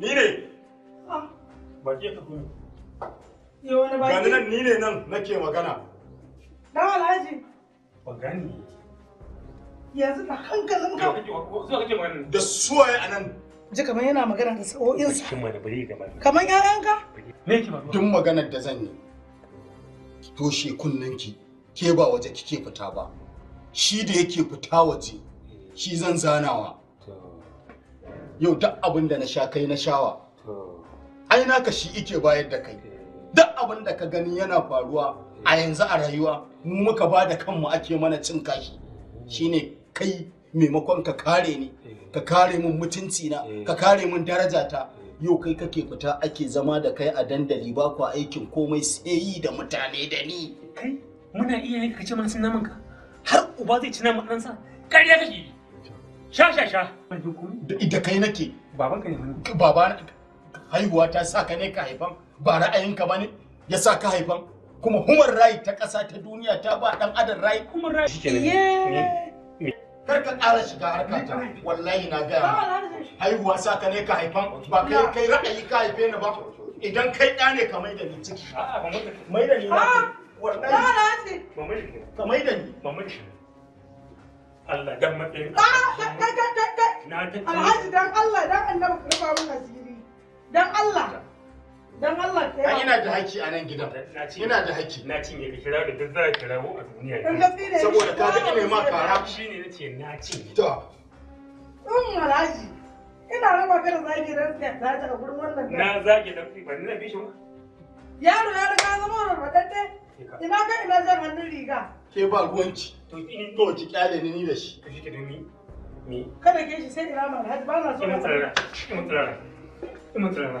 Ni ne. Ah. Ba ke ka kuma. wani ba. Gani nan ni ne nan nake magana. Dan Alhaji. Ba gani. Yanzu na hankalin ka. Da suwaye a nan. Ji kamar yana magana da sa'o'insa. Kamar ƴaƴanka. Duk maganar da zan yi. Ki toshe kunnanki. Ke ba waje kike fita ba. Shi da yake fita waje. Shi zan zanawa. yau duk abin da na sha kai na shawa ai naka shi ike bayar da kai eh. duk abin da ka gani yana faruwa a yanzu a rayuwa mu muka ba da kanmu ake mana cin kashi shine kai maimakon ka kare ni eh. ka kare mun mutunci na eh. ka kare mun daraja ta yau kai kake fita ake zama da kai a dandali ba ku aikin komai sai yi da mutane da ni kai muna iya yin kace mana sunan ka har uba zai ci naman ɗansa kariya kake sha sha sha da kai nake babanka ne baba haihuwa ta sa ka ne ka haifan ba ra'ayinka ba ne ya sa ka haifan kuma human rai ta kasa ta duniya ta ba dan adam right human right shikenan kar ka ƙara shiga harka ta wallahi na ga haihuwa sa ka ne ka haifan ba kai kai ra'ayi ka haife ni ba idan kai ɗa ne ka mai da ni ciki a'a mai da ni wallahi mai da ni mai da ni Allah dan matsayin ah, na Alhaji dan Allah dan annabi ku rufa mun asiri dan Allah dan Allah ta yi ina da haki a nan gidan ina da haki na cinye ka kira da duk za ka kira a duniya saboda ka ga ina ma kara shine nace na cinye to in um, alhaji ina raba ka da zagi dan ta ta gurin wannan na zagi dan ba ni na bishi ba yaro ya riga zama rubutacce ina ka ina jan hannun riga ke ba ruwanci to in to ki kyale ni da shi to shi ke ni ni kada ke shi sai ina ma ba na so ki mutsara ki mutsara